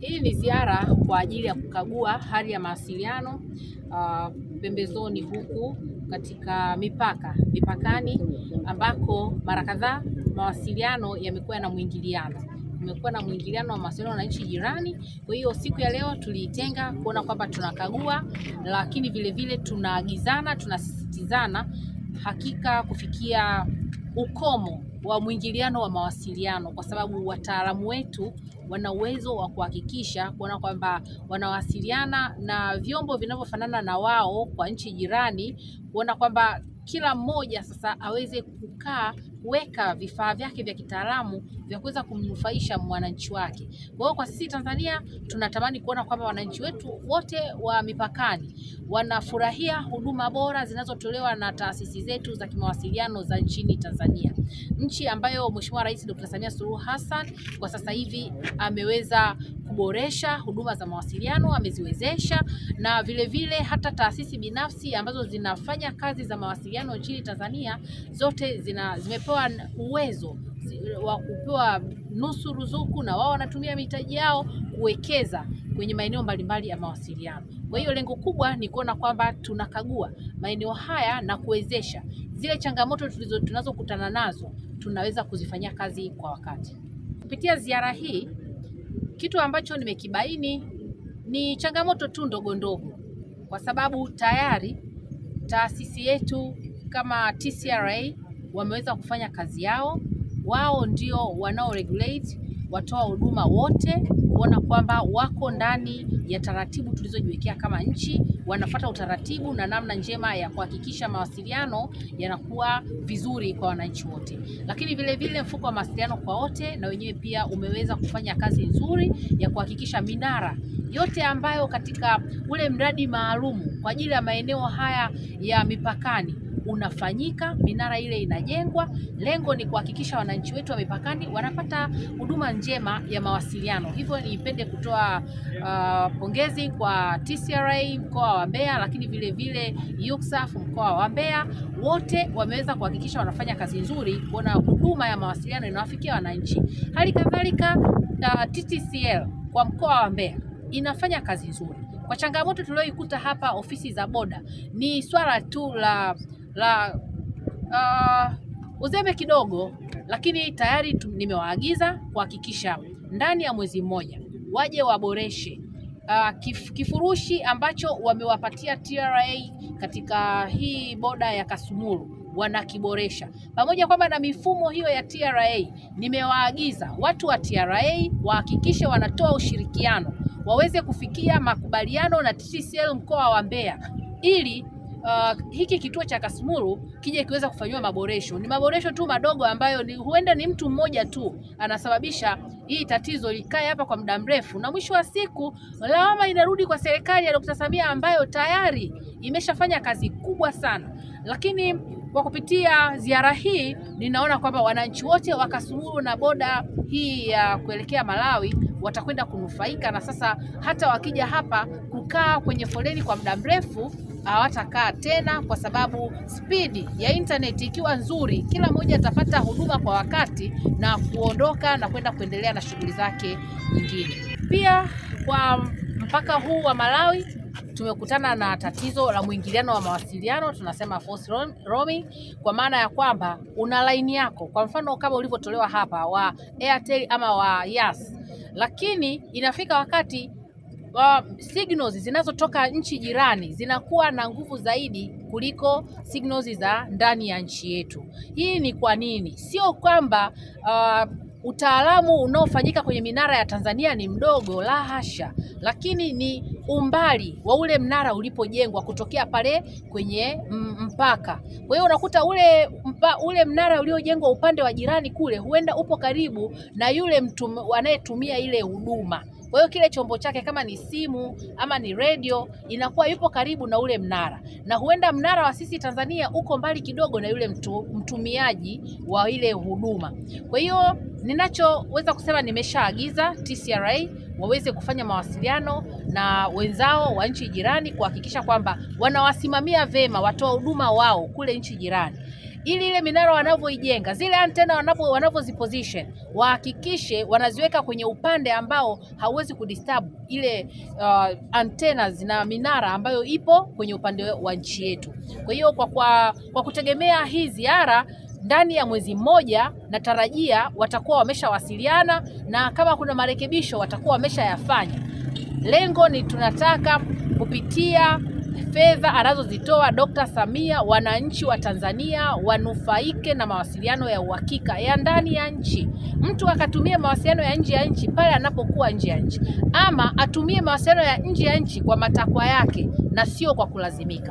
Hii ni ziara kwa ajili ya kukagua hali ya mawasiliano uh, pembezoni huku katika mipaka mipakani, ambako mara kadhaa mawasiliano yamekuwa na mwingiliano kumekuwa na mwingiliano wa mawasiliano na nchi jirani. Kwa hiyo siku ya leo tuliitenga kuona kwamba tunakagua, lakini vilevile tunaagizana, tunasisitizana hakika kufikia ukomo wa mwingiliano wa mawasiliano, kwa sababu wataalamu wetu wana uwezo wa kuhakikisha kuona kwamba wanawasiliana na vyombo vinavyofanana na wao kwa nchi jirani, kuona kwamba kila mmoja sasa aweze kukaa kuweka vifaa vyake vya kitaalamu vya kuweza kumnufaisha mwananchi wake. Kwa hiyo kwa sisi Tanzania tunatamani kuona kwamba wananchi wetu wote wa mipakani wanafurahia huduma bora zinazotolewa na taasisi zetu za kimawasiliano za nchini Tanzania, nchi ambayo Mheshimiwa Rais Dr. Samia Suluhu Hassan kwa sasa hivi ameweza kuboresha huduma za mawasiliano ameziwezesha, na vilevile vile hata taasisi binafsi ambazo zinafanya kazi za mawasiliano nchini Tanzania zote zina, zimepewa uwezo wa kupewa nusu ruzuku na wao wanatumia mitaji yao kuwekeza kwenye maeneo mbalimbali ya mawasiliano. Kwa hiyo lengo kubwa ni kuona kwamba tunakagua maeneo haya na kuwezesha zile changamoto tulizo tunazokutana nazo tunaweza kuzifanyia kazi kwa wakati. Kupitia ziara hii kitu ambacho nimekibaini ni changamoto tu ndogo ndogo, kwa sababu tayari taasisi yetu kama TCRA wameweza kufanya kazi yao. Wao ndio wanao regulate watoa huduma wote kuona kwamba wako ndani ya taratibu tulizojiwekea kama nchi wanafata utaratibu na namna njema ya kuhakikisha mawasiliano yanakuwa vizuri kwa wananchi wote. Lakini vile vile mfuko wa mawasiliano kwa wote na wenyewe pia umeweza kufanya kazi nzuri ya kuhakikisha minara yote ambayo katika ule mradi maalum kwa ajili ya maeneo haya ya mipakani unafanyika, minara ile inajengwa. Lengo ni kuhakikisha wananchi wetu wa mipakani wanapata huduma njema ya mawasiliano. Hivyo nipende kutoa uh, pongezi kwa TCRA mkoa wa Mbeya, lakini vile vile UCSAF mkoa wa Mbeya, wote wameweza kuhakikisha wanafanya kazi nzuri kuona huduma ya mawasiliano inawafikia wananchi. Hali kadhalika uh, TTCL kwa mkoa wa Mbeya inafanya kazi nzuri. Kwa changamoto tulioikuta hapa ofisi za boda ni swala tu la la uh, uzembe kidogo, lakini tayari nimewaagiza kuhakikisha ndani ya mwezi mmoja waje waboreshe uh, kif, kifurushi ambacho wamewapatia TRA katika hii boda ya Kasumulu wanakiboresha pamoja kwamba na mifumo hiyo ya TRA nimewaagiza watu wa TRA wahakikishe wanatoa ushirikiano waweze kufikia makubaliano na TTCL mkoa wa Mbeya ili uh, hiki kituo cha Kasumulu kije kiweza kufanyiwa maboresho. Ni maboresho tu madogo ambayo ni, huenda ni mtu mmoja tu anasababisha hii tatizo likae hapa kwa muda mrefu, na mwisho wa siku lawama inarudi kwa serikali ya Dkt. Samia ambayo tayari imeshafanya kazi kubwa sana, lakini kwa kupitia ziara hii ninaona kwamba wananchi wote wa Kasumulu na boda hii ya uh, kuelekea Malawi watakwenda kunufaika, na sasa hata wakija hapa kukaa kwenye foleni kwa muda mrefu hawatakaa tena, kwa sababu spidi ya intaneti ikiwa nzuri, kila mmoja atapata huduma kwa wakati na kuondoka na kwenda kuendelea na shughuli zake nyingine. Pia kwa mpaka huu wa Malawi tumekutana na tatizo la mwingiliano wa mawasiliano, tunasema false roaming, kwa maana ya kwamba una laini yako, kwa mfano kama ulivyotolewa hapa wa Airtel ama wa Yas, lakini inafika wakati wa signals zinazotoka nchi jirani zinakuwa na nguvu zaidi kuliko signals za ndani ya nchi yetu. Hii ni kwa nini? Sio kwamba uh, utaalamu unaofanyika kwenye minara ya Tanzania ni mdogo, la hasha, lakini ni umbali wa ule mnara ulipojengwa kutokea pale kwenye mpaka. Kwa hiyo unakuta ule, mpa, ule mnara uliojengwa upande wa jirani kule huenda upo karibu na yule mtu anayetumia ile huduma. Kwa hiyo kile chombo chake kama ni simu ama ni redio inakuwa yupo karibu na ule mnara, na huenda mnara wa sisi Tanzania uko mbali kidogo na yule mtu, mtumiaji wa ile huduma. Kwa hiyo ninachoweza kusema nimeshaagiza TCRA waweze kufanya mawasiliano na wenzao wa nchi jirani kuhakikisha kwamba wanawasimamia vema watoa huduma wao kule nchi jirani ili ile minara wanavyoijenga zile antena wanavyo wanavyoziposition wahakikishe wanaziweka kwenye upande ambao hauwezi kudisturb ile uh, antena na minara ambayo ipo kwenye upande wa nchi yetu. Kwa hiyo kwa, kwa, kwa kutegemea hii ziara ndani ya mwezi mmoja natarajia watakuwa wameshawasiliana na kama kuna marekebisho watakuwa wameshayafanya. Lengo ni tunataka kupitia fedha anazozitoa Dkt. Samia, wananchi wa Tanzania wanufaike na mawasiliano ya uhakika ya ndani ya nchi. Mtu akatumie mawasiliano ya nje ya nchi pale anapokuwa nje ya nchi, ama atumie mawasiliano ya nje ya nchi kwa matakwa yake na sio kwa kulazimika.